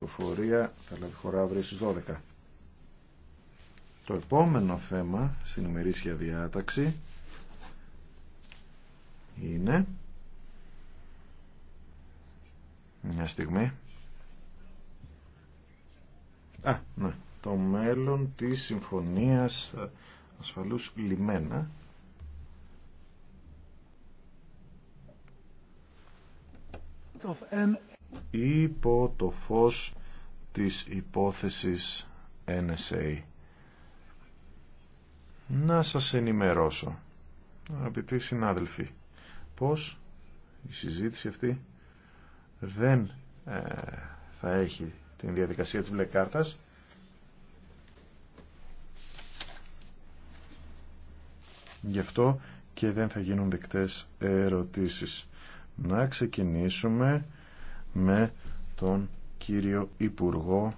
Υποφορία θα λάβει χώρα αύριο στις 12. Το επόμενο θέμα στην ημερήσια διάταξη είναι μια στιγμή Α, ναι. το μέλλον της Συμφωνίας Ασφαλούς Λιμένα of υπό το φως της υπόθεσης NSA. Να σας ενημερώσω, αγαπητοί συνάδελφοι, πως η συζήτηση αυτή δεν ε, θα έχει την διαδικασία της μπλε κάρτας. Γι' αυτό και δεν θα γίνουν δεκτές ερωτήσεις. Να ξεκινήσουμε με τον κύριο Υπουργό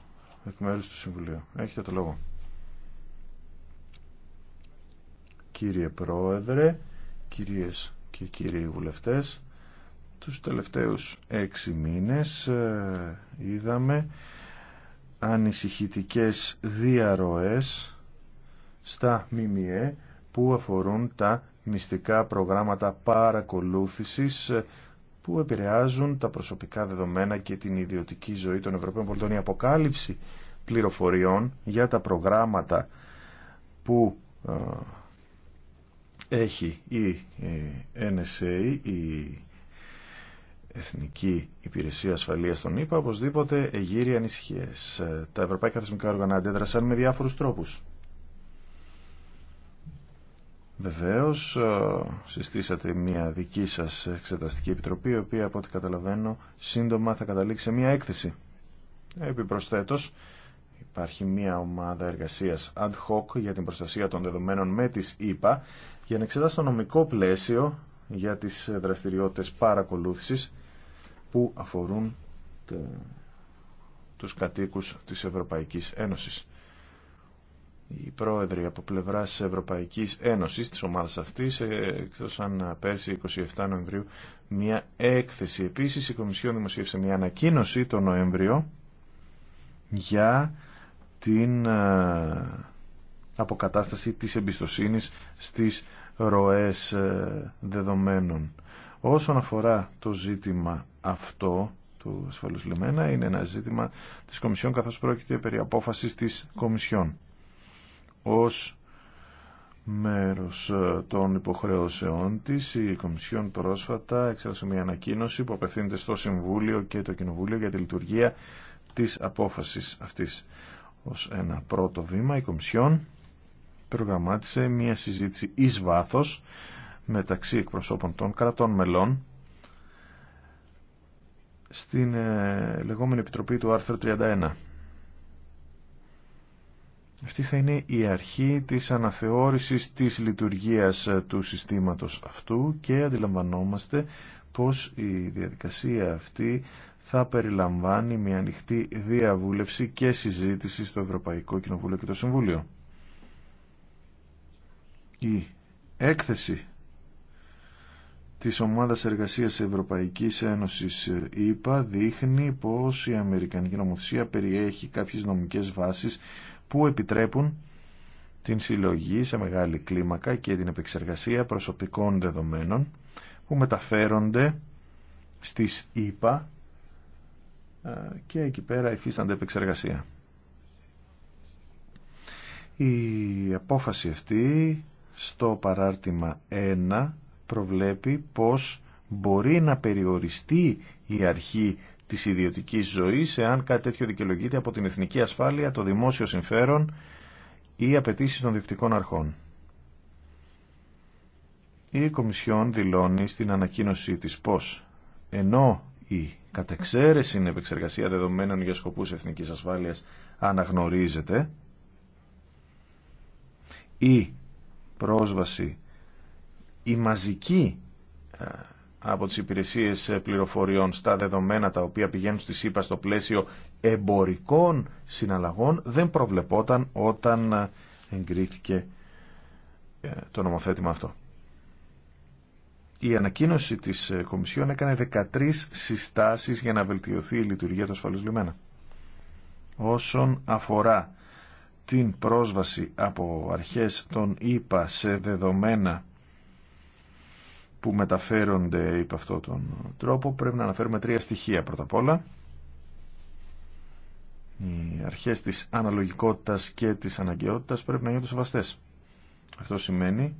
εκ μέρους του Συμβουλίου. Έχετε το λόγο. Κύριε Πρόεδρε, κυρίες και κύριοι βουλευτές, τους τελευταίους έξι μήνες ε, είδαμε ανησυχητικές διαρροές στα ΜΜΕ που αφορούν τα μυστικά προγράμματα παρακολούθησης ε, που επηρεάζουν τα προσωπικά δεδομένα και την ιδιωτική ζωή των Ευρωπαίων πολιτών. Η αποκάλυψη πληροφοριών για τα προγράμματα που ε, έχει η NSA, η Εθνική Υπηρεσία Ασφαλείας των ΗΠΑ, οπωσδήποτε εγείρει ανησυχίες. Ε, τα ευρωπαϊκά θεσμικά όργανα αντέδρασαν με διάφορους τρόπους. Βεβαίως ε, συστήσατε μια δική σας εξεταστική επιτροπή η οποία από ό,τι καταλαβαίνω σύντομα θα καταλήξει σε μια έκθεση. Επιπροσθέτως υπάρχει μια ομάδα εργασίας ad hoc για την προστασία των δεδομένων με τις ΕΠΑ για να εξετάσει το νομικό πλαίσιο για τις δραστηριότητες παρακολούθησης που αφορούν τους κατοίκους της Ευρωπαϊκής Ένωσης οι πρόεδροι από πλευράς Ευρωπαϊκής Ένωσης της ομάδας αυτής εκτός αν πέρσι 27 Νοεμβρίου μια έκθεση. Επίσης η Κομισιόν δημοσίευσε μια ανακοίνωση τον Νοέμβριο για την ε, αποκατάσταση της εμπιστοσύνης στις ροές ε, δεδομένων. Όσον αφορά το ζήτημα αυτό του ασφαλούς λιμένα είναι ένα ζήτημα της Κομισιόν καθώς πρόκειται περί απόφασης της Κομισιόν ως μέρος ε, των υποχρεώσεών της. Η Κομισιόν πρόσφατα εξέδωσε μια ανακοίνωση που απευθύνεται στο Συμβούλιο και το Κοινοβούλιο για τη λειτουργία της απόφασης αυτής. Ως ένα πρώτο βήμα η Κομισιόν προγραμμάτισε μια συζήτηση εις βάθος μεταξύ εκπροσώπων των κρατών μελών στην ε, λεγόμενη Επιτροπή του άρθρου 31 αυτή θα είναι η αρχή της αναθεώρησης της λειτουργίας του συστήματος αυτού και αντιλαμβανόμαστε πως η διαδικασία αυτή θα περιλαμβάνει μια ανοιχτή διαβούλευση και συζήτηση στο Ευρωπαϊκό Κοινοβούλιο και το Συμβούλιο. Η έκθεση της Ομάδας Εργασίας Ευρωπαϊκής Ένωσης ήπα ΕΕ, δείχνει πως η Αμερικανική νομοθεσία περιέχει κάποιες νομικές βάσεις που επιτρέπουν την συλλογή σε μεγάλη κλίμακα και την επεξεργασία προσωπικών δεδομένων που μεταφέρονται στις ήπα ΕΕ, ε, και εκεί πέρα υφίστανται επεξεργασία. Η απόφαση αυτή στο παράρτημα 1 προβλέπει πως μπορεί να περιοριστεί η αρχή της ιδιωτικής ζωής εάν κάτι τέτοιο δικαιολογείται από την εθνική ασφάλεια, το δημόσιο συμφέρον ή απαιτήσει των διοκτικών αρχών. Η Κομισιόν δηλώνει στην ανακοίνωσή της πως ενώ η κατεξαίρεση είναι επεξεργασία δεδομένων για σκοπούς εθνικής ασφάλειας αναγνωρίζεται η πρόσβαση η μαζική ε, από τις υπηρεσίες ε, πληροφοριών στα δεδομένα τα οποία πηγαίνουν στη ΣΥΠΑ στο πλαίσιο εμπορικών συναλλαγών δεν προβλεπόταν όταν ε, εγκρίθηκε το νομοθέτημα αυτό. Η ανακοίνωση της Κομισιόν έκανε 13 συστάσεις για να βελτιωθεί η λειτουργία του ασφαλούς λιμένα. Όσον αφορά την πρόσβαση από αρχές των ΙΠΑ σε δεδομένα που μεταφέρονται υπ' αυτόν τον τρόπο πρέπει να αναφέρουμε τρία στοιχεία πρώτα απ' όλα οι αρχές της αναλογικότητας και της αναγκαιότητας πρέπει να γίνονται σεβαστές αυτό σημαίνει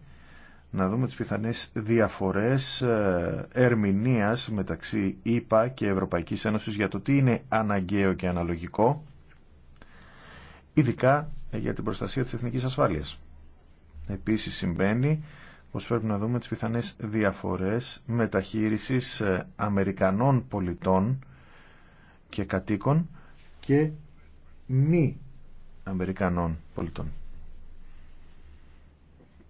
να δούμε τις πιθανές διαφορές ε, ερμηνείας μεταξύ ΕΠΑ και Ευρωπαϊκής Ένωσης για το τι είναι αναγκαίο και αναλογικό ειδικά για την προστασία της εθνικής ασφάλειας επίσης συμβαίνει πως πρέπει να δούμε τις πιθανές διαφορές μεταχείρισης ε, Αμερικανών πολιτών και κατοίκων και μη Αμερικανών πολιτών.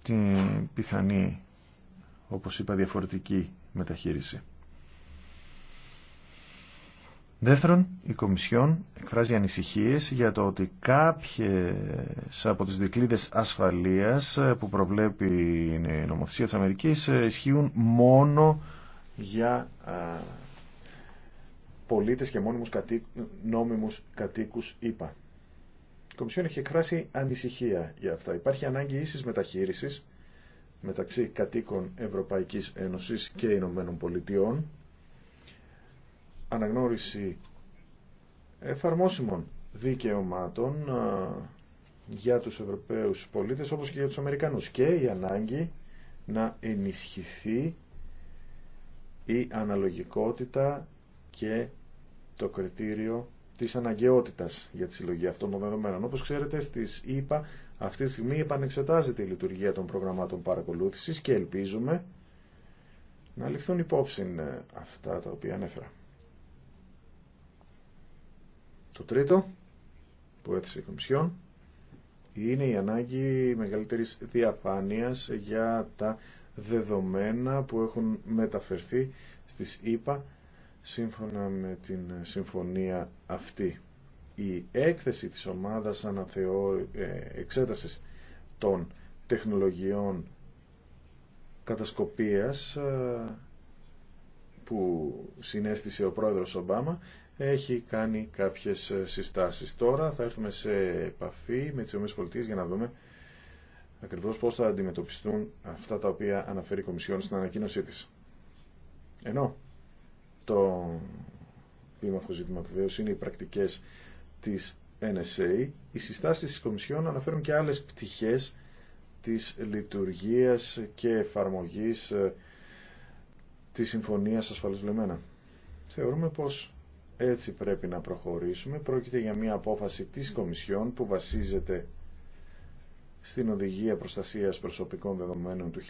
Την πιθανή, όπως είπα, διαφορετική μεταχείριση. Δεύτερον, η Κομισιόν εκφράζει ανησυχίες για το ότι κάποιες από τις δικλείδες ασφαλείας που προβλέπει η νομοθεσία της Αμερικής ισχύουν μόνο για πολίτες και μόνιμους κατοίκου νόμιμους κατοίκους ΗΠΑ. Η Κομισιόν έχει εκφράσει ανησυχία για αυτά. Υπάρχει ανάγκη ίσης μεταχείρισης μεταξύ κατοίκων Ευρωπαϊκής Ένωσης και Ηνωμένων Πολιτειών αναγνώριση εφαρμόσιμων δικαιωμάτων ε, για τους Ευρωπαίους πολίτες όπως και για τους Αμερικανούς και η ανάγκη να ενισχυθεί η αναλογικότητα και το κριτήριο της αναγκαιότητας για τη συλλογή αυτών των δεδομένων. Όπως ξέρετε στις ΕΠΑ αυτή τη στιγμή επανεξετάζεται η λειτουργία των προγραμμάτων παρακολούθησης και ελπίζουμε να ληφθούν υπόψη αυτά τα οποία ανέφερα. Το τρίτο που έθεσε η Κομισιόν είναι η ανάγκη μεγαλύτερης διαφάνειας για τα δεδομένα που έχουν μεταφερθεί στις ΕΠΑ σύμφωνα με την συμφωνία αυτή. Η έκθεση της ομάδας αναθεώ, ε, εξέτασης των τεχνολογιών κατασκοπίας ε, που συνέστησε ο πρόεδρος Ομπάμα έχει κάνει κάποιες ε, συστάσεις. Τώρα θα έρθουμε σε επαφή με τις Πολιτείες για να δούμε ακριβώς πώς θα αντιμετωπιστούν αυτά τα οποία αναφέρει η Κομισιόν στην ανακοίνωσή της. Ενώ το πίμαχο ζήτημα βεβαίω είναι οι πρακτικές της NSA, οι συστάσεις της Κομισιόν αναφέρουν και άλλες πτυχές της λειτουργίας και εφαρμογής ε, της Συμφωνίας Ασφαλώς Λεμένα. Θεωρούμε πως έτσι πρέπει να προχωρήσουμε. Πρόκειται για μια απόφαση της Κομισιόν που βασίζεται στην Οδηγία Προστασίας Προσωπικών Δεδομένων του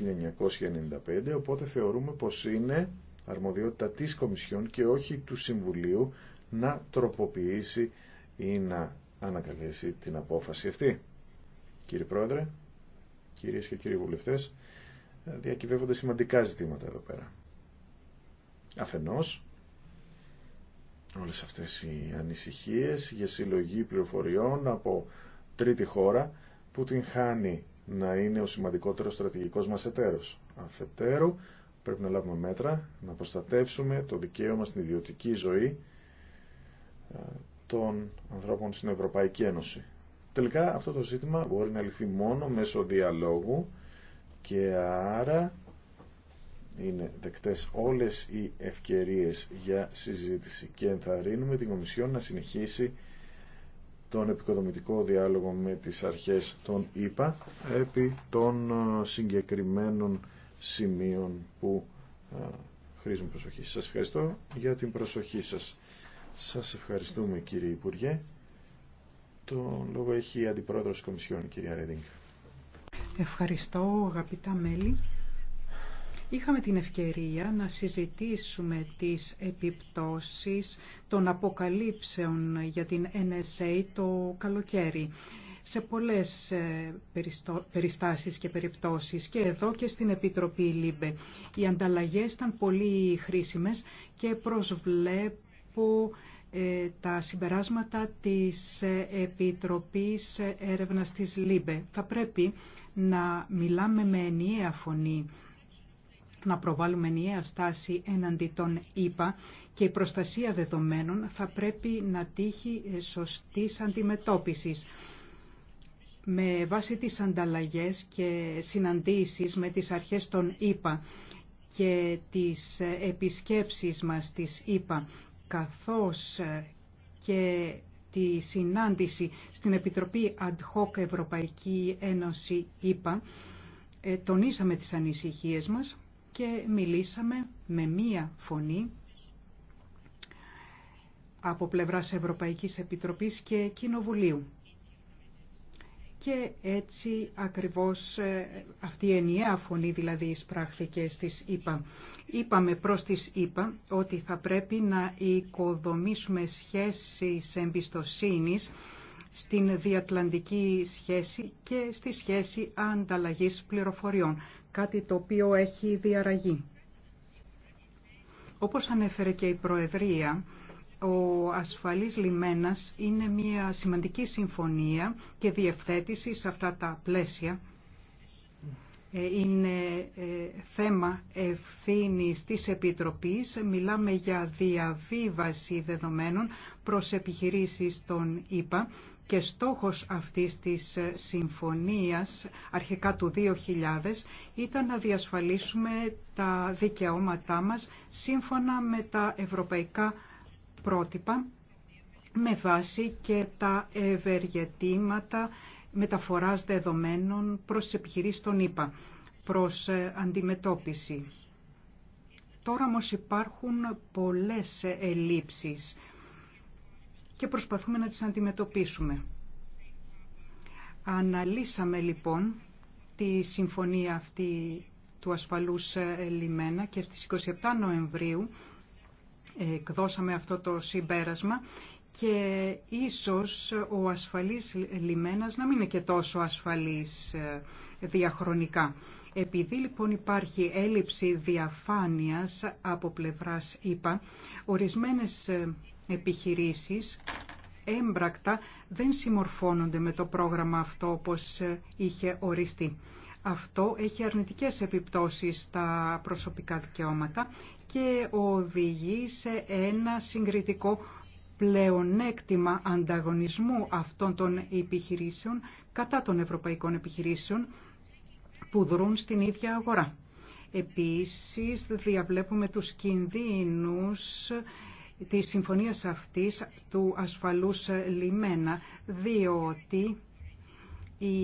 1995, οπότε θεωρούμε πως είναι αρμοδιότητα της Κομισιόν και όχι του Συμβουλίου να τροποποιήσει ή να ανακαλέσει την απόφαση αυτή. Κύριε Πρόεδρε, κυρίες και κύριοι βουλευτές, διακυβεύονται σημαντικά ζητήματα εδώ πέρα. Αφενός, όλες αυτές οι ανησυχίες για συλλογή πληροφοριών από τρίτη χώρα που την χάνει να είναι ο σημαντικότερος στρατηγικός μας εταίρος. Αφετέρου, πρέπει να λάβουμε μέτρα, να προστατεύσουμε το δικαίωμα στην ιδιωτική ζωή ε, των ανθρώπων στην Ευρωπαϊκή Ένωση. Τελικά αυτό το ζήτημα μπορεί να λυθεί μόνο μέσω διαλόγου και άρα είναι δεκτές όλες οι ευκαιρίες για συζήτηση και ενθαρρύνουμε την Κομισιόν να συνεχίσει τον επικοδομητικό διάλογο με τις αρχές των ΙΠΑ επί των ε, συγκεκριμένων σημείων που ε, χρήζουν προσοχή. Σας ευχαριστώ για την προσοχή σας. Σας ευχαριστούμε κύριε Υπουργέ. Το λόγο έχει η Αντιπρόεδρος της Κομισιόν, κυρία Ρέντινγκ. Ευχαριστώ αγαπητά μέλη. Είχαμε την ευκαιρία να συζητήσουμε τις επιπτώσεις των αποκαλύψεων για την NSA το καλοκαίρι σε πολλές ε, περιστάσεις και περιπτώσεις και εδώ και στην Επιτροπή ΛΥΜΠΕ. Οι ανταλλαγές ήταν πολύ χρήσιμες και προσβλέπω ε, τα συμπεράσματα της ε, Επιτροπής Έρευνας της ΛΥΜΠΕ. Θα πρέπει να μιλάμε με ενιαία φωνή να προβάλλουμε νέα στάση έναντι των ΙΠΑ και η προστασία δεδομένων θα πρέπει να τύχει ε, σωστής αντιμετώπισης με βάση τις ανταλλαγές και συναντήσεις με τις αρχές των ΙΠΑ και τις ε, επισκέψεις μας στις ΙΠΑ, καθώς ε, και τη συνάντηση στην Επιτροπή Ad Hoc Ευρωπαϊκή Ένωση ΙΠΑ, τονίσαμε τις ανησυχίες μας και μιλήσαμε με μία φωνή από πλευράς Ευρωπαϊκής Επιτροπής και Κοινοβουλίου. Και έτσι ακριβώς ε, αυτή η ενιαία φωνή δηλαδή εισπράχθηκε στις ΗΠΑ. Είπαμε προς τις ΕΠΑ ότι θα πρέπει να οικοδομήσουμε σχέσεις εμπιστοσύνης στην διατλαντική σχέση και στη σχέση ανταλλαγής πληροφοριών, κάτι το οποίο έχει διαραγεί. Όπως ανέφερε και η Προεδρία, ο ασφαλής λιμένας είναι μια σημαντική συμφωνία και διευθέτηση σε αυτά τα πλαίσια. Ε, είναι ε, θέμα ευθύνης της Επιτροπής. Μιλάμε για διαβίβαση δεδομένων προς επιχειρήσεις των ΙΠΑ και στόχος αυτής της ε, συμφωνίας αρχικά του 2000 ήταν να διασφαλίσουμε τα δικαιώματά μας σύμφωνα με τα ευρωπαϊκά πρότυπα με βάση και τα ευεργετήματα μεταφοράς δεδομένων προς επιχειρήσεις των ΗΠΑ, προς ε, αντιμετώπιση. Τώρα όμω υπάρχουν πολλές ε, ελλείψεις και προσπαθούμε να τις αντιμετωπίσουμε. Αναλύσαμε λοιπόν τη συμφωνία αυτή του ασφαλούς ε, λιμένα και στις 27 Νοεμβρίου ε, εκδώσαμε αυτό το συμπέρασμα και ίσως ο ασφαλής λιμένας να μην είναι και τόσο ασφαλής ε, διαχρονικά. Επειδή λοιπόν υπάρχει έλλειψη διαφάνειας από πλευράς ΙΠΑ, ορισμένες ε, επιχειρήσεις έμπρακτα δεν συμμορφώνονται με το πρόγραμμα αυτό όπως ε, είχε οριστεί. Αυτό έχει αρνητικές επιπτώσεις στα προσωπικά δικαιώματα και οδηγεί σε ένα συγκριτικό πλεονέκτημα ανταγωνισμού αυτών των επιχειρήσεων κατά των ευρωπαϊκών επιχειρήσεων που δρούν στην ίδια αγορά. Επίσης, διαβλέπουμε τους κινδύνους της συμφωνίας αυτής του ασφαλούς λιμένα, διότι οι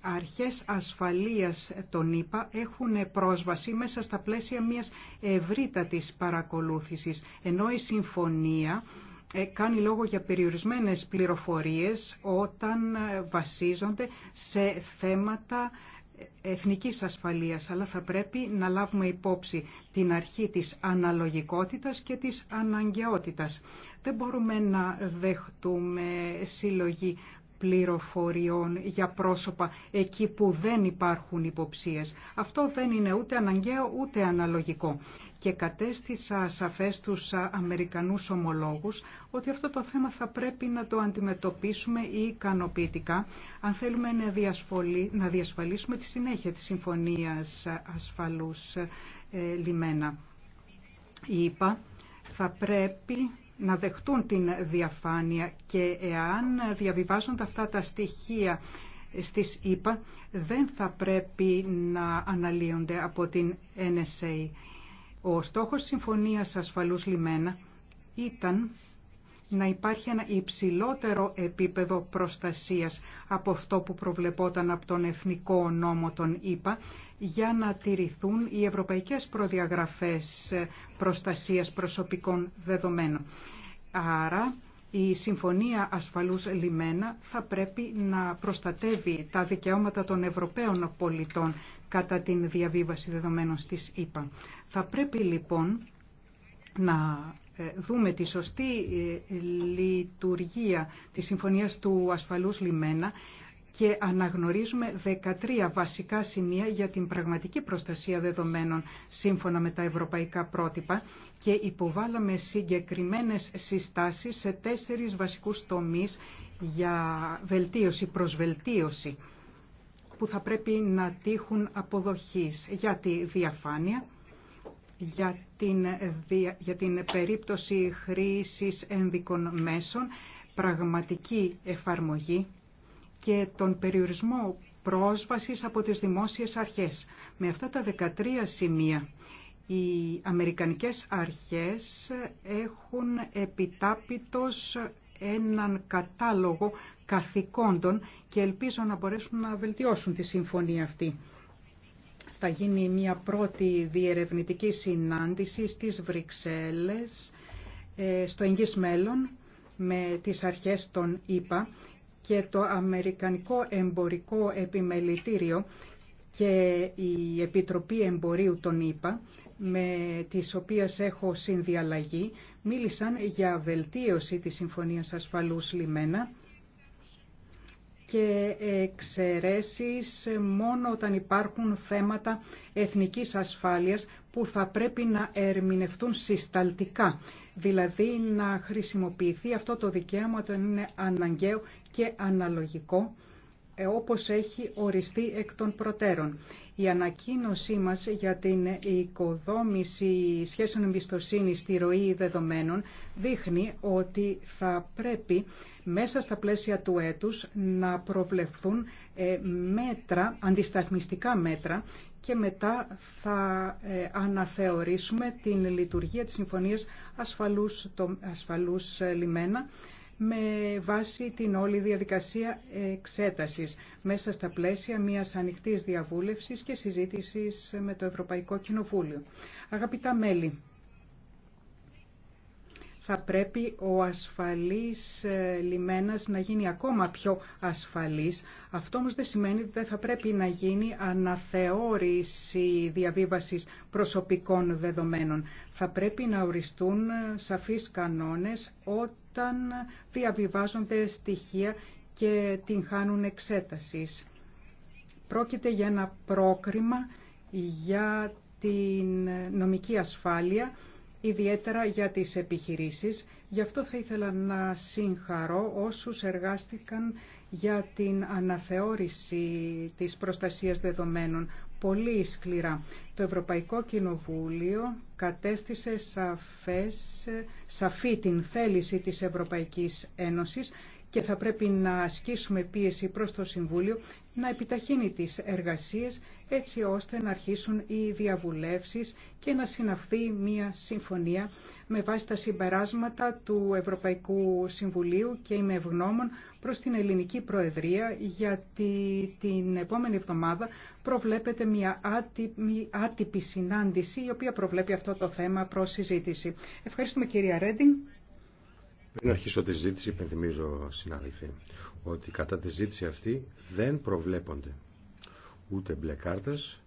αρχές ασφαλείας των ΗΠΑ έχουν πρόσβαση μέσα στα πλαίσια μιας ευρύτατης παρακολούθησης, ενώ η συμφωνία ε, κάνει λόγο για περιορισμένες πληροφορίες όταν ε, βασίζονται σε θέματα ε, εθνικής ασφαλείας, αλλά θα πρέπει να λάβουμε υπόψη την αρχή της αναλογικότητας και της αναγκαιότητας. Δεν μπορούμε να δεχτούμε συλλογή πληροφοριών για πρόσωπα εκεί που δεν υπάρχουν υποψίες. Αυτό δεν είναι ούτε αναγκαίο ούτε αναλογικό. Και κατέστησα σαφές τους Αμερικανούς ομολόγους ότι αυτό το θέμα θα πρέπει να το αντιμετωπίσουμε ικανοποιητικά αν θέλουμε να, να διασφαλίσουμε τη συνέχεια της Συμφωνίας Ασφαλούς ε, Λιμένα. Είπα, θα πρέπει να δεχτούν την διαφάνεια και εάν διαβιβάζονται αυτά τα στοιχεία στις ΕΠΑ δεν θα πρέπει να αναλύονται από την NSA. Ο στόχος Συμφωνίας Ασφαλούς Λιμένα ήταν να υπάρχει ένα υψηλότερο επίπεδο προστασίας από αυτό που προβλεπόταν από τον Εθνικό Νόμο των ΗΠΑ για να τηρηθούν οι ευρωπαϊκές προδιαγραφές προστασίας προσωπικών δεδομένων. Άρα η Συμφωνία Ασφαλούς Λιμένα θα πρέπει να προστατεύει τα δικαιώματα των Ευρωπαίων πολιτών κατά τη διαβίβαση δεδομένων στις ΗΠΑ. Θα πρέπει λοιπόν να ε, δούμε τη σωστή ε, λειτουργία της Συμφωνίας του Ασφαλούς Λιμένα και αναγνωρίζουμε 13 βασικά σημεία για την πραγματική προστασία δεδομένων σύμφωνα με τα ευρωπαϊκά πρότυπα και υποβάλαμε συγκεκριμένες συστάσεις σε τέσσερις βασικούς τομείς για βελτίωση, προσβελτίωση που θα πρέπει να τύχουν αποδοχής για τη διαφάνεια, για την, περίπτωση χρήσης ενδικών μέσων, πραγματική εφαρμογή και τον περιορισμό πρόσβασης από τις δημόσιες αρχές. Με αυτά τα 13 σημεία οι Αμερικανικές αρχές έχουν επιτάπητος έναν κατάλογο καθηκόντων και ελπίζω να μπορέσουν να βελτιώσουν τη συμφωνία αυτή. Θα γίνει μια πρώτη διερευνητική συνάντηση στις Βρυξέλλες ε, στο εγγύς μέλλον με τις αρχές των ΙΠΑ και το Αμερικανικό Εμπορικό Επιμελητήριο και η Επιτροπή Εμπορίου των ΗΠΑ, με τις οποίες έχω συνδιαλλαγή, μίλησαν για βελτίωση της Συμφωνίας Ασφαλούς Λιμένα και εξαιρέσεις μόνο όταν υπάρχουν θέματα εθνικής ασφάλειας που θα πρέπει να ερμηνευτούν συσταλτικά. Δηλαδή να χρησιμοποιηθεί αυτό το δικαίωμα όταν είναι αναγκαίο και αναλογικό ε, όπως έχει οριστεί εκ των προτέρων. Η ανακοίνωσή μας για την οικοδόμηση σχέσεων εμπιστοσύνη στη ροή δεδομένων δείχνει ότι θα πρέπει μέσα στα πλαίσια του έτους να προβλεφθούν ε, μέτρα, αντισταθμιστικά μέτρα και μετά θα ε, αναθεωρήσουμε την λειτουργία της Συμφωνίας Ασφαλούς, ασφαλούς Λιμένα με βάση την όλη διαδικασία εξέτασης μέσα στα πλαίσια μιας ανοιχτής διαβούλευσης και συζήτησης με το Ευρωπαϊκό Κοινοβούλιο. Αγαπητά μέλη, θα πρέπει ο ασφαλής ε, λιμένας να γίνει ακόμα πιο ασφαλής. Αυτό όμως δεν σημαίνει ότι δεν θα πρέπει να γίνει αναθεώρηση διαβίβασης προσωπικών δεδομένων. Θα πρέπει να οριστούν ε, σαφείς κανόνες όταν διαβιβάζονται στοιχεία και την χάνουν εξέτασης. Πρόκειται για ένα πρόκριμα για την νομική ασφάλεια ιδιαίτερα για τις επιχειρήσεις. Γι' αυτό θα ήθελα να συγχαρώ όσους εργάστηκαν για την αναθεώρηση της προστασίας δεδομένων πολύ σκληρά. Το Ευρωπαϊκό Κοινοβούλιο κατέστησε σαφές, σαφή την θέληση της Ευρωπαϊκής Ένωσης και θα πρέπει να ασκήσουμε πίεση προς το Συμβούλιο να επιταχύνει τις εργασίες έτσι ώστε να αρχίσουν οι διαβουλεύσεις και να συναυθεί μια συμφωνία με βάση τα συμπεράσματα του Ευρωπαϊκού Συμβουλίου και είμαι ευγνώμων προς την Ελληνική Προεδρία γιατί την επόμενη εβδομάδα προβλέπεται μια άτυπη, συνάντηση η οποία προβλέπει αυτό το θέμα προς συζήτηση. Ευχαριστούμε κυρία Ρέντινγκ. Πριν αρχίσω τη ζήτηση, υπενθυμίζω, συνάδελφοι, ότι κατά τη ζήτηση αυτή δεν προβλέπονται ούτε μπλε κάρτες,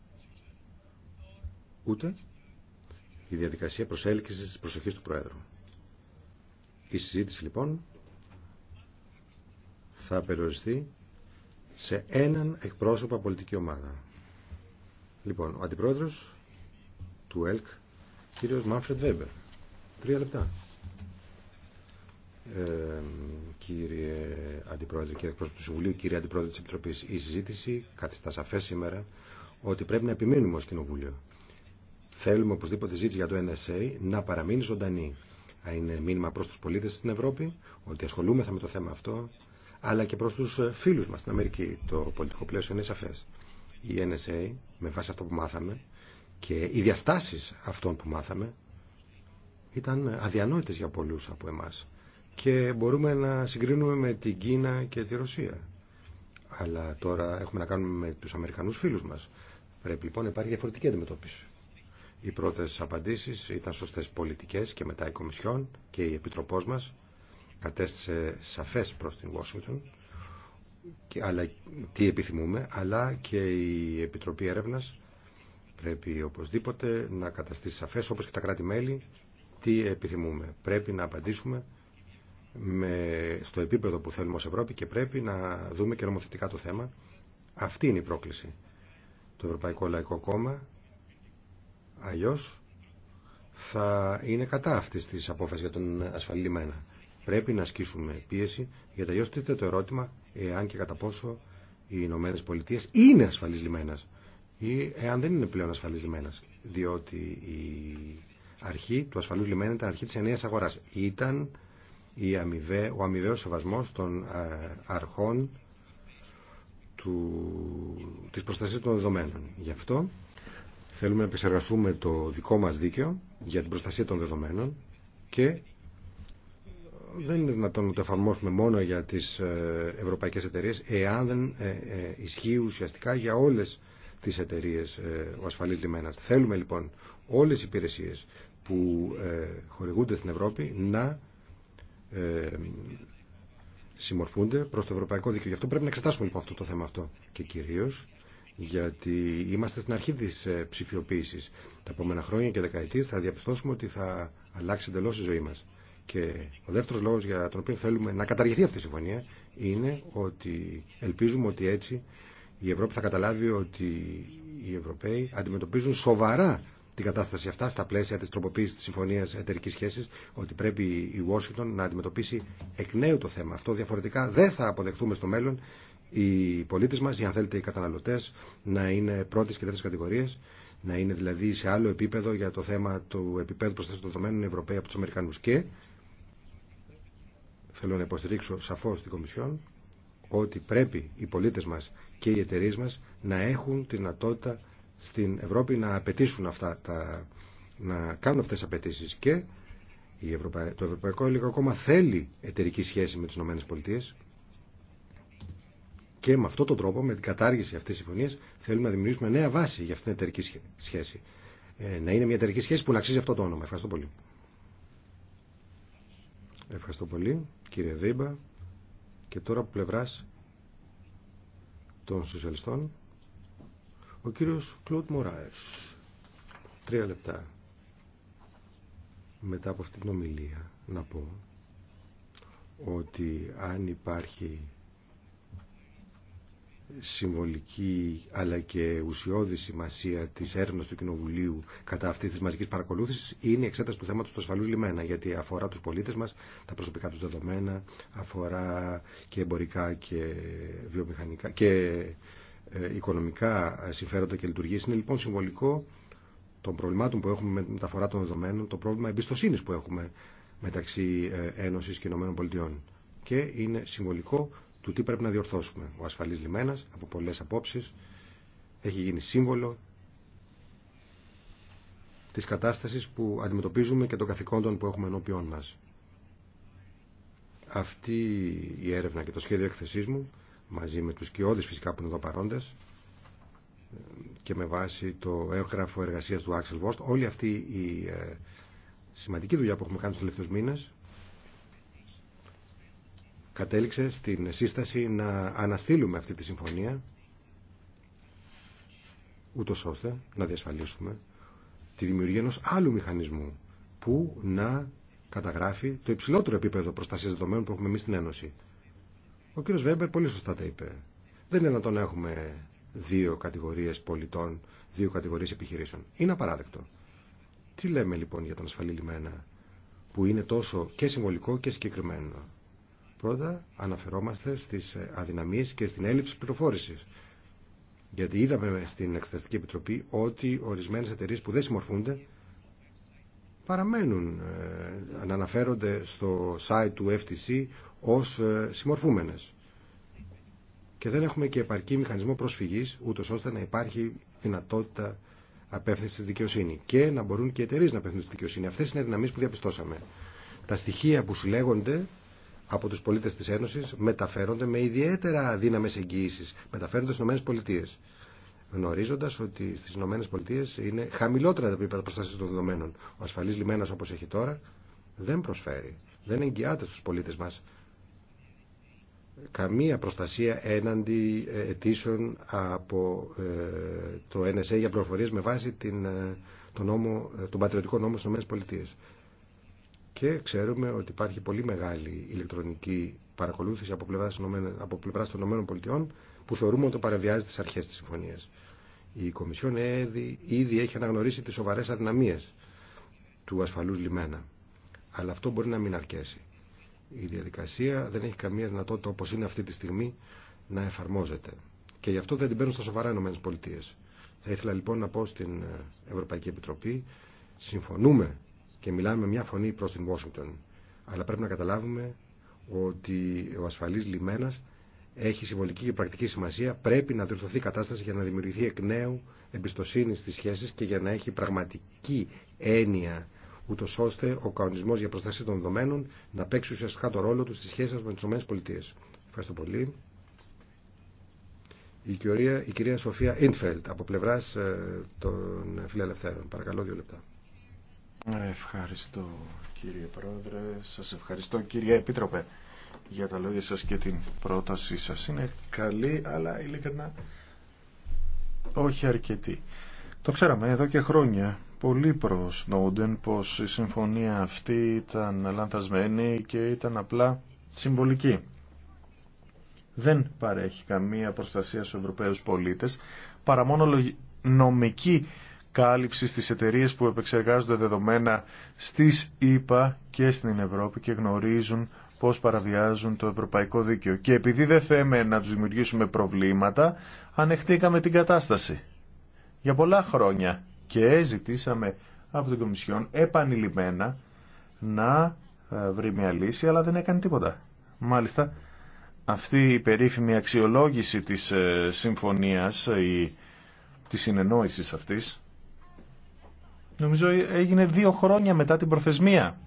ούτε η διαδικασία προσέλκυσης της προσοχής του Προέδρου. Η συζήτηση, λοιπόν, θα περιοριστεί σε έναν εκπρόσωπο πολιτική ομάδα. Λοιπόν, ο αντιπρόεδρος του ΕΛΚ, κύριος Μάνφρεντ Βέμπερ. Τρία λεπτά. Ε, κύριε Αντιπρόεδρε, κύριε Εκπρόσωπο του Συμβουλίου, κύριε Αντιπρόεδρε της Επιτροπής. Η συζήτηση καθιστά σαφέ σήμερα ότι πρέπει να επιμείνουμε ως Κοινοβούλιο. Θέλουμε οπωσδήποτε ζήτηση για το NSA να παραμείνει ζωντανή. Είναι μήνυμα προ του πολίτε στην Ευρώπη ότι ασχολούμεθα με το θέμα αυτό, αλλά και προ του ε, φίλου μα στην Αμερική. Το πολιτικό πλαίσιο είναι σαφέ. Η NSA, με βάση αυτό που μάθαμε και οι διαστάσει αυτών που μάθαμε, ήταν αδιανόητε για πολλού από εμά και μπορούμε να συγκρίνουμε με την Κίνα και τη Ρωσία. Αλλά τώρα έχουμε να κάνουμε με τους Αμερικανούς φίλους μας. Πρέπει λοιπόν να υπάρχει διαφορετική αντιμετώπιση. Οι πρώτες απαντήσεις ήταν σωστές πολιτικές και μετά η Κομισιόν και η Επιτροπός μας κατέστησε σαφές προς την Washington και, αλλά, τι επιθυμούμε, αλλά και η Επιτροπή Έρευνας πρέπει οπωσδήποτε να καταστήσει σαφές όπως και τα κράτη-μέλη τι επιθυμούμε. Πρέπει να απαντήσουμε με, στο επίπεδο που θέλουμε ως Ευρώπη και πρέπει να δούμε και νομοθετικά το θέμα. Αυτή είναι η πρόκληση. Το Ευρωπαϊκό Λαϊκό Κόμμα αλλιώς θα είναι κατά αυτής της απόφασης για τον ασφαλή λιμένα. Πρέπει να ασκήσουμε πίεση για τα τίθεται το ερώτημα εάν και κατά πόσο οι Ηνωμένε Πολιτείε είναι ασφαλής λιμένας ή εάν δεν είναι πλέον ασφαλής λιμένας. Διότι η αρχή του ασφαλούς λιμένα ήταν αρχή της αγοράς η αμοιβέ, ο αμοιβαίος σεβασμός των ε, αρχών του, της προστασίας των δεδομένων. Γι' αυτό θέλουμε να επεξεργαστούμε το δικό μας δίκαιο για την προστασία των δεδομένων και δεν είναι δυνατόν να το εφαρμόσουμε μόνο για τις ε, ευρωπαϊκές εταιρείες εάν δεν ε, ισχύει ουσιαστικά για όλες τις εταιρείες ο ασφαλής λιμένας. Θέλουμε λοιπόν όλες οι υπηρεσίες που χορηγούνται στην Ευρώπη να ε, συμμορφούνται προς το ευρωπαϊκό δίκαιο. Γι' αυτό πρέπει να εξετάσουμε λοιπόν αυτό το θέμα αυτό. Και κυρίως γιατί είμαστε στην αρχή της ε, ψηφιοποίησης. Τα επόμενα χρόνια και δεκαετίες θα διαπιστώσουμε ότι θα αλλάξει εντελώς η ζωή μας. Και ο δεύτερος λόγος για τον οποίο θέλουμε να καταργηθεί αυτή η συμφωνία είναι ότι ελπίζουμε ότι έτσι η Ευρώπη θα καταλάβει ότι οι Ευρωπαίοι αντιμετωπίζουν σοβαρά την κατάσταση αυτά στα πλαίσια της τροποποίησης της Συμφωνίας Εταιρικής Σχέσης ότι πρέπει η Washington να αντιμετωπίσει εκ νέου το θέμα. Αυτό διαφορετικά δεν θα αποδεχθούμε στο μέλλον οι πολίτες μας ή αν θέλετε οι καταναλωτές να είναι πρώτης και τέτοιες κατηγορίας να είναι δηλαδή σε άλλο επίπεδο για το θέμα του επίπεδου προσθέσεων των δεδομένων Ευρωπαίοι από τους Αμερικανούς και θέλω να υποστηρίξω σαφώς την Κομισιόν ότι πρέπει οι πολίτες μας και οι εταιρείε μας να έχουν τη δυνατότητα στην Ευρώπη να απαιτήσουν αυτά τα, να κάνουν αυτές τις απαιτήσει και η Ευρωπα... το Ευρωπαϊκό Ελληνικό Κόμμα θέλει εταιρική σχέση με τις ΗΠΑ και με αυτόν τον τρόπο, με την κατάργηση αυτής της συμφωνίας, θέλουμε να δημιουργήσουμε νέα βάση για αυτήν την εταιρική σχέση. Ε, να είναι μια εταιρική σχέση που να αξίζει αυτό το όνομα. Ευχαριστώ πολύ. Ευχαριστώ πολύ, κύριε Δήμπα. Και τώρα από πλευράς των σοσιαλιστών, ο κύριος Κλωτ Μωράες. Τρία λεπτά μετά από αυτή την ομιλία να πω ότι αν υπάρχει συμβολική αλλά και ουσιώδη σημασία της έρευνα του Κοινοβουλίου κατά αυτή της μαζικής παρακολούθησης είναι η εξέταση του θέματος του ασφαλούς λιμένα, γιατί αφορά τους πολίτες μας, τα προσωπικά τους δεδομένα, αφορά και εμπορικά και βιομηχανικά και ε, οικονομικά ε, συμφέροντα και λειτουργίε. Είναι λοιπόν συμβολικό των προβλημάτων που έχουμε με τη μεταφορά των δεδομένων, το πρόβλημα εμπιστοσύνη που έχουμε μεταξύ ε, Ένωση και ΗΠΑ. Και είναι συμβολικό του τι πρέπει να διορθώσουμε. Ο ασφαλή λιμένα, από πολλέ απόψει, έχει γίνει σύμβολο της κατάσταση που αντιμετωπίζουμε και των καθηκόντων που έχουμε ενώπιόν μα. Αυτή η έρευνα και το σχέδιο εκθεσής μου μαζί με τους κοιόδης φυσικά που είναι εδώ παρόντες και με βάση το έγγραφο εργασίας του Axel Βόστ όλη αυτή η ε, σημαντική δουλειά που έχουμε κάνει στους τελευταίους μήνες κατέληξε στην σύσταση να αναστείλουμε αυτή τη συμφωνία ούτω ώστε να διασφαλίσουμε τη δημιουργία ενός άλλου μηχανισμού που να καταγράφει το υψηλότερο επίπεδο προστασίας δεδομένων που έχουμε εμείς στην Ένωση. Ο κύριος Βέμπερ πολύ σωστά τα είπε. Δεν είναι να τον έχουμε δύο κατηγορίες πολιτών, δύο κατηγορίες επιχειρήσεων. Είναι απαράδεκτο. Τι λέμε λοιπόν για τον ασφαλή λιμένα που είναι τόσο και συμβολικό και συγκεκριμένο. Πρώτα αναφερόμαστε στις αδυναμίες και στην έλλειψη πληροφόρησης. Γιατί είδαμε στην Εξεταστική Επιτροπή ότι ορισμένες εταιρείε που δεν συμμορφούνται παραμένουν ε, να αναφέρονται στο site του FTC ως ε, συμμορφούμενες. Και δεν έχουμε και επαρκή μηχανισμό προσφυγής, ούτως ώστε να υπάρχει δυνατότητα απεύθυνση στη δικαιοσύνη και να μπορούν και οι εταιρείε να απευθύνουν στη δικαιοσύνη. Αυτές είναι οι δυναμίε που διαπιστώσαμε. Τα στοιχεία που συλλέγονται από τους πολίτες τη Ένωσης μεταφέρονται με ιδιαίτερα δύναμες εγγυήσει. Μεταφέρονται στι ΗΠΑ. Γνωρίζοντα ότι στι ΗΠΑ είναι χαμηλότερα τα επίπεδα προστασία των δεδομένων. Ο ασφαλή λιμένα όπω έχει τώρα δεν προσφέρει, δεν εγγυάται στου πολίτε μα καμία προστασία έναντι ε, αιτήσεων από ε, το NSA για πληροφορίε με βάση την, ε, τον, νόμο, τον πατριωτικό νόμο στις ΗΠΑ. Και ξέρουμε ότι υπάρχει πολύ μεγάλη ηλεκτρονική παρακολούθηση από πλευρά από των ΗΠΑ που θεωρούμε ότι παραβιάζει τις αρχές της συμφωνία. Η Κομισιόν ήδη, ήδη έχει αναγνωρίσει τις σοβαρέ αδυναμίες του ασφαλούς λιμένα. Αλλά αυτό μπορεί να μην αρκέσει η διαδικασία δεν έχει καμία δυνατότητα όπω είναι αυτή τη στιγμή να εφαρμόζεται. Και γι' αυτό δεν την παίρνουν στα σοβαρά οι ΗΠΑ. Θα ήθελα λοιπόν να πω στην ε, Ευρωπαϊκή Επιτροπή συμφωνούμε και μιλάμε με μια φωνή προ την Ουάσιγκτον. Αλλά πρέπει να καταλάβουμε ότι ο ασφαλή λιμένας έχει συμβολική και πρακτική σημασία. Πρέπει να διορθωθεί η κατάσταση για να δημιουργηθεί εκ νέου εμπιστοσύνη στι σχέσεις και για να έχει πραγματική έννοια ούτω ώστε ο κανονισμό για προστασία των δεδομένων να παίξει ουσιαστικά το ρόλο του στη σχέση μα με τι ΗΠΑ. Ευχαριστώ πολύ. Η κυρία, η κυρία Σοφία Ινφελτ από πλευρά ε, των Φιλελευθέρων. Παρακαλώ, δύο λεπτά. Ευχαριστώ κύριε Πρόεδρε, Σα ευχαριστώ κύριε Επίτροπε για τα λόγια σα και την πρότασή Σα. Είναι καλή αλλά ειλικρινά όχι αρκετή. Το ξέραμε εδώ και χρόνια Πολλοί προ πω πως η συμφωνία αυτή ήταν λανθασμένη και ήταν απλά συμβολική. Δεν παρέχει καμία προστασία στους Ευρωπαίους πολίτες, παρά μόνο νομική κάλυψη στις εταιρείε που επεξεργάζονται δεδομένα στις ΗΠΑ και στην Ευρώπη και γνωρίζουν πώς παραβιάζουν το ευρωπαϊκό δίκαιο. Και επειδή δεν θέμε να τους δημιουργήσουμε προβλήματα, ανεχτήκαμε την κατάσταση. Για πολλά χρόνια και ζητήσαμε από την Κομισιόν επανειλημμένα να ε, βρει μια λύση, αλλά δεν έκανε τίποτα. Μάλιστα, αυτή η περίφημη αξιολόγηση της ε, συμφωνίας ή της συνεννόησης αυτής, νομίζω έγινε δύο χρόνια μετά την προθεσμία.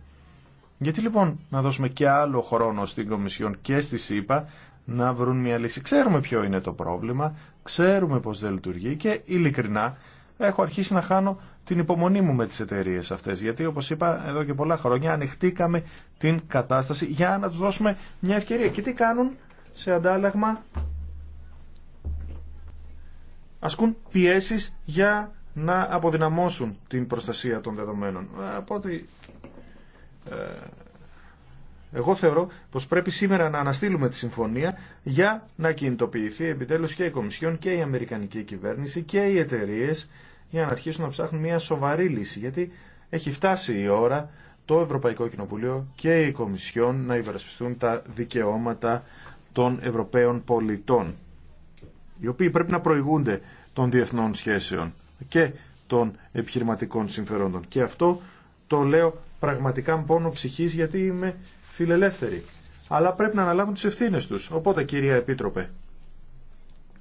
Γιατί λοιπόν να δώσουμε και άλλο χρόνο στην Κομισιόν και στη ΣΥΠΑ να βρουν μια λύση. Ξέρουμε ποιο είναι το πρόβλημα, ξέρουμε πώς δεν λειτουργεί και ειλικρινά έχω αρχίσει να χάνω την υπομονή μου με τις εταιρείε αυτές. Γιατί όπως είπα εδώ και πολλά χρόνια ανοιχτήκαμε την κατάσταση για να τους δώσουμε μια ευκαιρία. Και τι κάνουν σε αντάλλαγμα ασκούν πιέσεις για να αποδυναμώσουν την προστασία των δεδομένων. Από ότι ε, εγώ θεωρώ πω πρέπει σήμερα να αναστείλουμε τη συμφωνία για να κινητοποιηθεί επιτέλου και η Κομισιόν και η Αμερικανική κυβέρνηση και οι εταιρείε για να αρχίσουν να ψάχνουν μια σοβαρή λύση. Γιατί έχει φτάσει η ώρα το Ευρωπαϊκό Κοινοβουλίο και η Κομισιόν να υπερασπιστούν τα δικαιώματα των Ευρωπαίων πολιτών, οι οποίοι πρέπει να προηγούνται των διεθνών σχέσεων και των επιχειρηματικών συμφερόντων. Και αυτό το λέω πραγματικά πόνο ψυχής γιατί είμαι φιλελεύθεροι. Αλλά πρέπει να αναλάβουν τις ευθύνες τους. Οπότε κυρία Επίτροπε,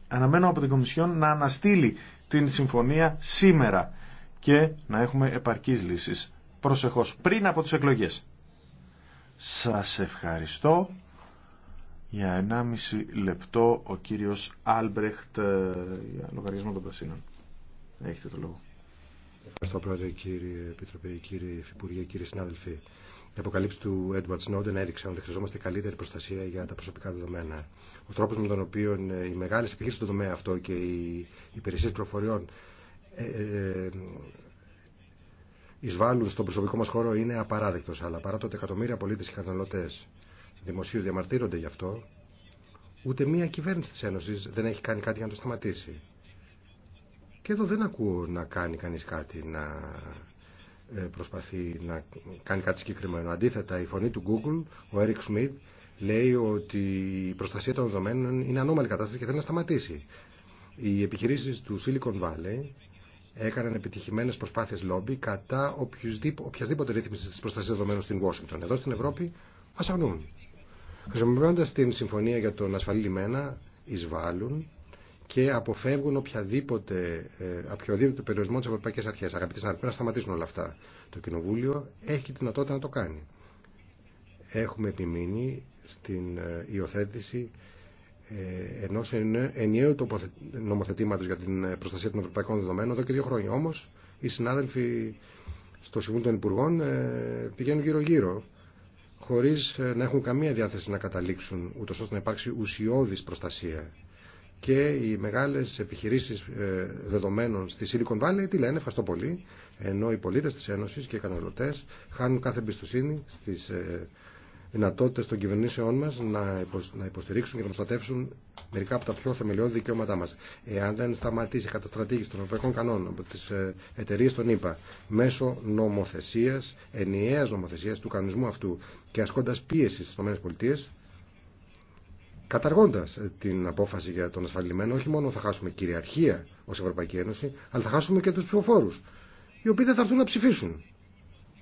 αναμένω από την Κομισιόν να αναστείλει την συμφωνία σήμερα και να έχουμε επαρκείς λύσεις. Προσεχώς, πριν από τις εκλογές. Σας ευχαριστώ. Για 1,5 λεπτό ο κύριος Άλμπρεχτ ε, για λογαριασμό των Πρασίνων. Έχετε το λόγο. Ευχαριστώ πρόεδρε κύριε Επίτροπε, κύριε Υφυπουργέ, κύριε συνάδελφοι. Η αποκαλύψη του Edward Snowden έδειξαν ότι χρειαζόμαστε καλύτερη προστασία για τα προσωπικά δεδομένα. Ο τρόπο με τον οποίο ε, οι μεγάλε επιχείρησει στον τομέα αυτό και οι υπηρεσίε προφοριών ε, ε, εισβάλλουν στον προσωπικό μα χώρο είναι απαράδεκτο. Αλλά παρά το ότι εκατομμύρια πολίτε και καταναλωτέ δημοσίου διαμαρτύρονται γι' αυτό, ούτε μία κυβέρνηση τη Ένωση δεν έχει κάνει κάτι για να το σταματήσει. Και εδώ δεν ακούω να κάνει κανεί κάτι, να ε, προσπαθεί να κάνει κάτι συγκεκριμένο. Αντίθετα, η φωνή του Google, ο Eric Schmidt, λέει ότι η προστασία των δεδομένων είναι ανώμαλη κατάσταση και θέλει να σταματήσει. Οι επιχειρήσεις του Silicon Valley έκαναν επιτυχημένες προσπάθειες λόμπι κατά οποιασδήποτε ρύθμιση της προστασίας δεδομένων στην Washington. Εδώ στην Ευρώπη μας αγνούν. Χρησιμοποιώντας την συμφωνία για τον ασφαλή λιμένα, εισβάλλουν και αποφεύγουν οποιαδήποτε, ε, οποιοδήποτε περιορισμό τη Ευρωπαϊκή αρχέ, Αγαπητοί συνάδελφοι, να σταματήσουν όλα αυτά. Το Κοινοβούλιο έχει τη δυνατότητα να το κάνει. Έχουμε επιμείνει στην ε, υιοθέτηση ε, ενό ενιαίου νομοθετήματο για την προστασία των ευρωπαϊκών δεδομένων εδώ και δύο χρόνια. Όμω οι συνάδελφοι στο Συμβούλιο των Υπουργών πηγαίνουν γύρω-γύρω χωρίς να έχουν καμία διάθεση να καταλήξουν ούτως ώστε να υπάρξει ουσιώδης προστασία και οι μεγάλες επιχειρήσεις ε, δεδομένων στη Silicon Valley τι λένε ευχαριστώ πολύ ενώ οι πολίτες της Ένωσης και οι καταναλωτές χάνουν κάθε εμπιστοσύνη στις ε, δυνατότητε των κυβερνήσεών μα να υποστηρίξουν και να προστατεύσουν μερικά από τα πιο θεμελιώδη δικαιώματά μα. Εάν δεν σταματήσει η καταστρατήγηση των ευρωπαϊκών κανόνων από τι ε, εταιρείε των ΗΠΑ μέσω νομοθεσίας, ενιαία νομοθεσίας του κανονισμού αυτού και ασκώντα πίεση στι ΗΠΑ, Καταργώντα ε, την απόφαση για τον ασφαλισμένο, όχι μόνο θα χάσουμε κυριαρχία ως Ευρωπαϊκή Ένωση, αλλά θα χάσουμε και τους ψηφοφόρου, οι οποίοι δεν θα έρθουν να ψηφίσουν,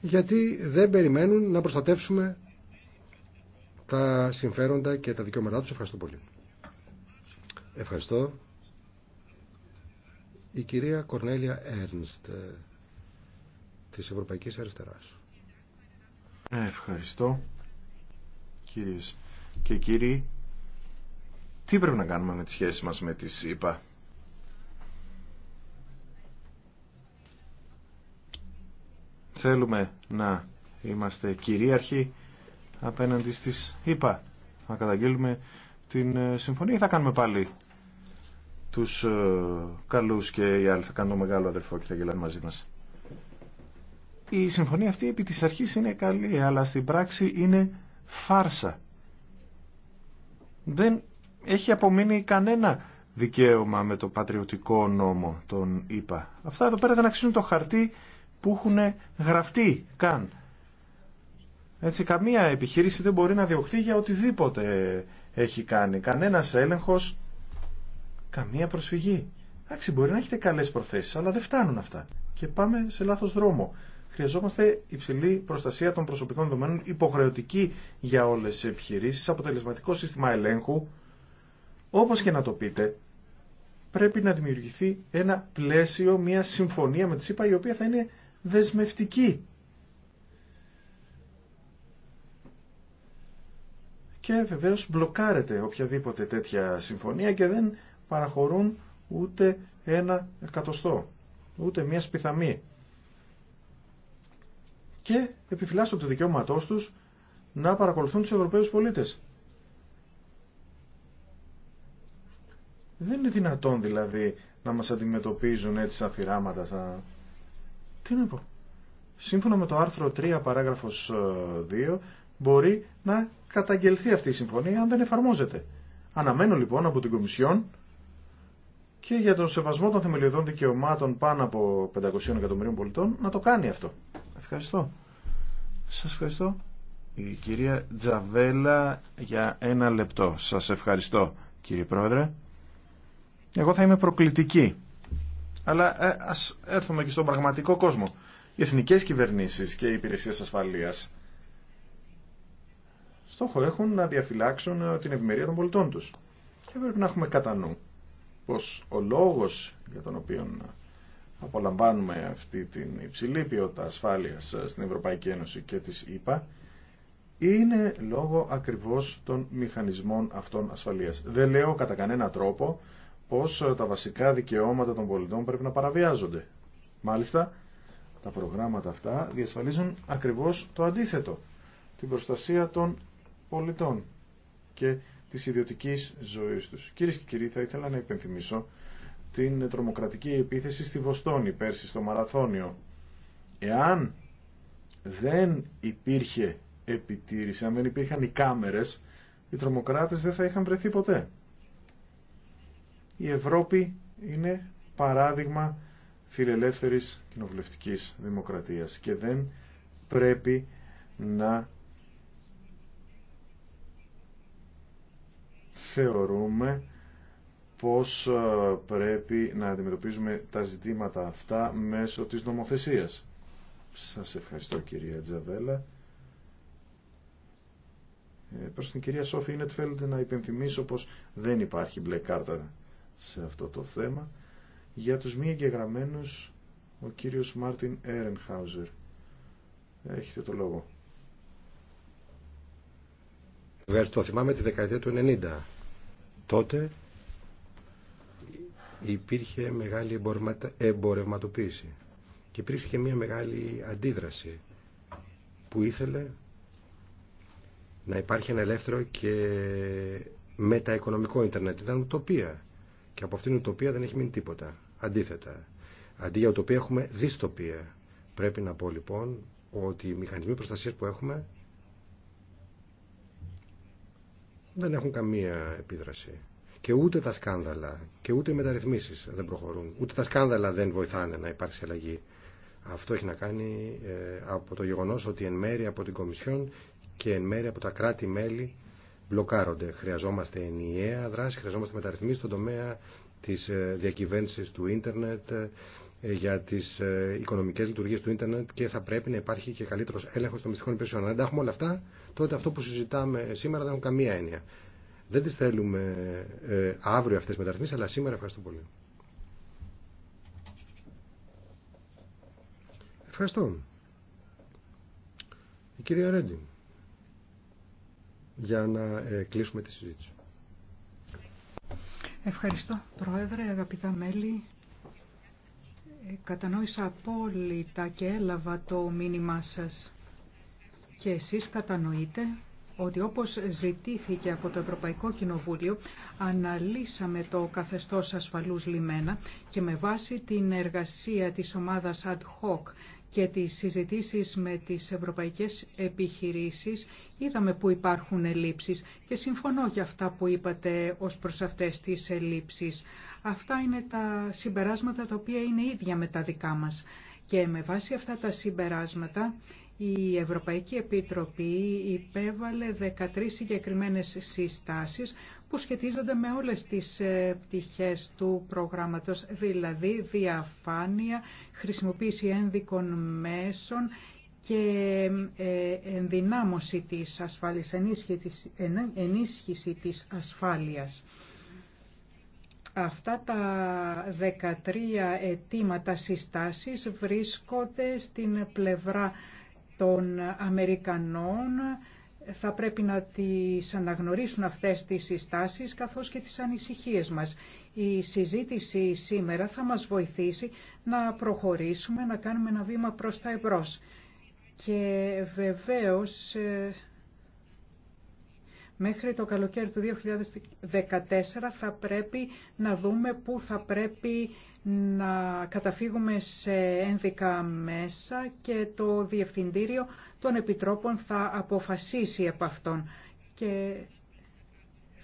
γιατί δεν περιμένουν να προστατεύσουμε τα συμφέροντα και τα δικαιώματά του. Ευχαριστώ πολύ. Ευχαριστώ. Η κυρία Κορνέλια Έρνστ ε, της Ευρωπαϊκής Αριστεράς. Ε, ευχαριστώ. Κυρίες και κύριοι, τι πρέπει να κάνουμε με τις σχέσεις μας με τις επα. Θέλουμε να είμαστε κυρίαρχοι απέναντι στις επα. Να καταγγείλουμε την ε, συμφωνία ή θα κάνουμε πάλι τους ε, καλούς και οι άλλοι θα κάνουν μεγάλο αδερφό και θα γελάνε μαζί μας. Η συμφωνία αυτή επί της αρχής είναι καλή, αλλά στην πράξη είναι φάρσα. Δεν έχει απομείνει κανένα δικαίωμα με το πατριωτικό νόμο τον ΗΠΑ. Αυτά εδώ πέρα δεν αξίζουν το χαρτί που έχουν γραφτεί καν. Έτσι, καμία επιχείρηση δεν μπορεί να διωχθεί για οτιδήποτε έχει κάνει. Κανένας έλεγχος, καμία προσφυγή. Εντάξει, μπορεί να έχετε καλές προθέσεις, αλλά δεν φτάνουν αυτά. Και πάμε σε λάθος δρόμο. Χρειαζόμαστε υψηλή προστασία των προσωπικών δεδομένων, υποχρεωτική για όλες τις επιχειρήσεις, αποτελεσματικό σύστημα ελέγχου, όπως και να το πείτε, πρέπει να δημιουργηθεί ένα πλαίσιο, μια συμφωνία με τη ΣΥΠΑ η οποία θα είναι δεσμευτική. Και βεβαίως μπλοκάρεται οποιαδήποτε τέτοια συμφωνία και δεν παραχωρούν ούτε ένα εκατοστό, ούτε μια σπιθαμή. Και επιφυλάσσονται το δικαιώματό τους να παρακολουθούν τους Ευρωπαίους πολίτες. Δεν είναι δυνατόν δηλαδή να μας αντιμετωπίζουν έτσι σαν θυράματα. Τι να πω. Σύμφωνα με το άρθρο 3 παράγραφος 2 ε, μπορεί να καταγγελθεί αυτή η συμφωνία αν δεν εφαρμόζεται. Αναμένω λοιπόν από την Κομισιόν και για τον σεβασμό των θεμελιωδών δικαιωμάτων πάνω από 500 εκατομμυρίων πολιτών να το κάνει αυτό. Ευχαριστώ. Σας ευχαριστώ. Η κυρία Τζαβέλα για ένα λεπτό. Σας ευχαριστώ κύριε Πρόεδρε. Εγώ θα είμαι προκλητική. Αλλά ε, ας έρθουμε και στον πραγματικό κόσμο. Οι εθνικές κυβερνήσεις και οι υπηρεσίες ασφαλείας στόχο έχουν να διαφυλάξουν ε, την ευημερία των πολιτών τους. Και πρέπει να έχουμε κατά νου πως ο λόγος για τον οποίο απολαμβάνουμε αυτή την υψηλή ποιότητα ασφάλειας ε, στην Ευρωπαϊκή Ένωση και της ΕΠΑ είναι λόγω ακριβώς των μηχανισμών αυτών ασφαλείας. Δεν λέω κατά κανένα τρόπο πως ε, τα βασικά δικαιώματα των πολιτών πρέπει να παραβιάζονται. Μάλιστα, τα προγράμματα αυτά διασφαλίζουν ακριβώς το αντίθετο, την προστασία των πολιτών και της ιδιωτικής ζωής τους. Κυρίε και κύριοι, θα ήθελα να υπενθυμίσω την τρομοκρατική επίθεση στη Βοστόνη πέρσι στο Μαραθώνιο. Εάν δεν υπήρχε επιτήρηση, αν δεν υπήρχαν οι κάμερες, οι τρομοκράτες δεν θα είχαν βρεθεί ποτέ. Η Ευρώπη είναι παράδειγμα φιλελεύθερης κοινοβουλευτικής δημοκρατίας και δεν πρέπει να θεωρούμε πώς ε, πρέπει να αντιμετωπίζουμε τα ζητήματα αυτά μέσω της νομοθεσίας. Σας ευχαριστώ κυρία Τζαβέλα. Ε, προς την κυρία Σόφη Ινετφέλντ να υπενθυμίσω πως δεν υπάρχει μπλε κάρτα σε αυτό το θέμα. Για τους μη εγγεγραμμένους, ο κύριος Μάρτιν Έρενχάουζερ. Έχετε το λόγο. Ευχαριστώ. Θυμάμαι τη δεκαετία του 90. Τότε υπήρχε μεγάλη εμπορευματοποίηση και υπήρχε και μια μεγάλη αντίδραση που ήθελε να υπάρχει ένα ελεύθερο και μεταοικονομικό ίντερνετ. Ήταν ουτοπία και από αυτήν την ουτοπία δεν έχει μείνει τίποτα. Αντίθετα, αντί για ουτοπία έχουμε δυστοπία. Πρέπει να πω λοιπόν ότι οι μηχανισμοί προστασίας που έχουμε δεν έχουν καμία επίδραση. Και ούτε τα σκάνδαλα και ούτε οι μεταρρυθμίσεις δεν προχωρούν. Ούτε τα σκάνδαλα δεν βοηθάνε να υπάρξει αλλαγή. Αυτό έχει να κάνει ε, από το γεγονός ότι εν μέρη από την Κομισιόν και εν μέρη από τα κράτη-μέλη μπλοκάρονται. Χρειαζόμαστε ενιαία δράση, χρειαζόμαστε μεταρρυθμίσεις στον τομέα της ε, διακυβέρνησης του ίντερνετ, ε, για τις ε, οικονομικές λειτουργίες του ίντερνετ και θα πρέπει να υπάρχει και καλύτερος έλεγχος των μυστικών υπηρεσιών. Αν τα έχουμε όλα αυτά, τότε αυτό που συζητάμε σήμερα δεν έχουν καμία έννοια. Δεν τις θέλουμε αύριο αυτές μεταρρυθμίσεις, αλλά σήμερα ευχαριστώ πολύ. Ευχαριστώ. Η κυρία Ρέντιν για να ε, κλείσουμε τη συζήτηση. Ευχαριστώ, Πρόεδρε, αγαπητά μέλη. Ε, κατανόησα απόλυτα και έλαβα το μήνυμά σας. Και εσείς κατανοείτε ότι όπως ζητήθηκε από το Ευρωπαϊκό Κοινοβούλιο, αναλύσαμε το καθεστώς ασφαλούς λιμένα και με βάση την εργασία της ομάδας ad hoc και τις συζητήσεις με τις ευρωπαϊκές επιχειρήσεις είδαμε που υπάρχουν ελλείψεις και συμφωνώ για αυτά που είπατε ως προς αυτές τις ελλείψεις. Αυτά είναι τα συμπεράσματα τα οποία είναι ίδια με τα δικά μας. Και με βάση αυτά τα συμπεράσματα η Ευρωπαϊκή Επίτροπη υπέβαλε 13 συγκεκριμένες συστάσεις που σχετίζονται με όλες τις ε, πτυχές του προγράμματος, δηλαδή διαφάνεια, χρησιμοποίηση ένδικων μέσων και ε, ενδυνάμωση της ασφάλειας, ενίσχυση της ασφάλειας. Αυτά τα 13 αιτήματα συστάσεις βρίσκονται στην πλευρά των Αμερικανών θα πρέπει να τις αναγνωρίσουν αυτές τις συστάσεις καθώς και τις ανησυχίες μας. Η συζήτηση σήμερα θα μας βοηθήσει να προχωρήσουμε, να κάνουμε ένα βήμα προς τα εμπρός. Και βεβαίως ε, μέχρι το καλοκαίρι του 2014 θα πρέπει να δούμε πού θα πρέπει να καταφύγουμε σε ένδικα μέσα και το Διευθυντήριο των Επιτρόπων θα αποφασίσει από αυτόν. Και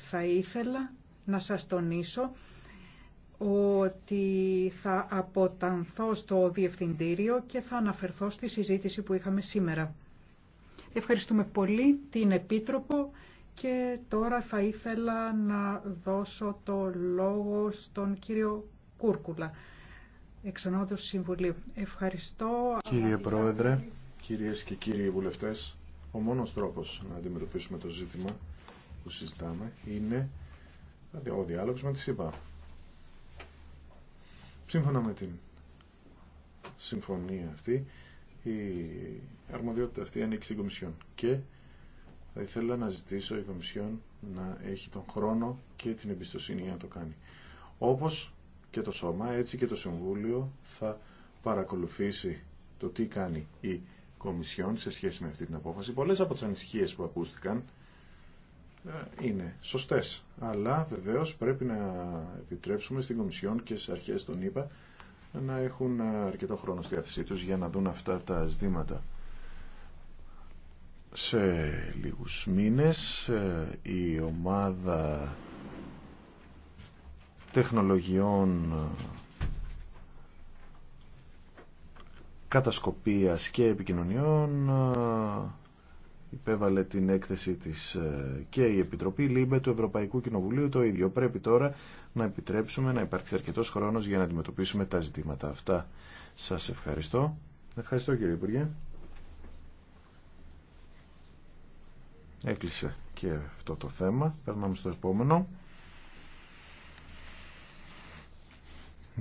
θα ήθελα να σας τονίσω ότι θα αποτανθώ στο Διευθυντήριο και θα αναφερθώ στη συζήτηση που είχαμε σήμερα. Ευχαριστούμε πολύ την Επίτροπο και τώρα θα ήθελα να δώσω το λόγο στον κύριο Κούρκουλα. Εξ Συμβουλίου. Ευχαριστώ. Κύριε Πρόεδρε, κυρίες και κύριοι βουλευτές, ο μόνος τρόπος να αντιμετωπίσουμε το ζήτημα που συζητάμε είναι ο διάλογος με τη ΣΥΠΑ. Σύμφωνα με την συμφωνία αυτή, η αρμοδιότητα αυτή ανήκει στην Κομισιόν και θα ήθελα να ζητήσω η Κομισιόν να έχει τον χρόνο και την εμπιστοσύνη να το κάνει. Όπως και το Σώμα, έτσι και το Συμβούλιο θα παρακολουθήσει το τι κάνει η Κομισιόν σε σχέση με αυτή την απόφαση. Πολλές από τις ανησυχίες που ακούστηκαν ε, είναι σωστές, αλλά βεβαίως πρέπει να επιτρέψουμε στην Κομισιόν και στις αρχές των ΗΠΑ να έχουν αρκετό χρόνο στη διάθεσή τους για να δουν αυτά τα ζητήματα. Σε λίγους μήνες ε, η ομάδα τεχνολογιών κατασκοπίας και επικοινωνιών υπέβαλε την έκθεση της ε, και η Επιτροπή ΛΥΜΠΕ του Ευρωπαϊκού Κοινοβουλίου το ίδιο. Πρέπει τώρα να επιτρέψουμε να υπάρξει αρκετός χρόνος για να αντιμετωπίσουμε τα ζητήματα αυτά. Σας ευχαριστώ. Ευχαριστώ κύριε Υπουργέ. Έκλεισε και αυτό το θέμα. Περνάμε στο επόμενο.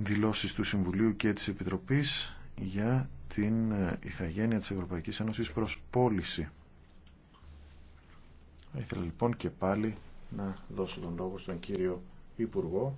δηλώσεις του Συμβουλίου και της Επιτροπής για την ε, ηθαγένεια της Ευρωπαϊκής Ένωσης προς πώληση. ήθελα λοιπόν και πάλι να δώσω τον λόγο στον κύριο Υπουργό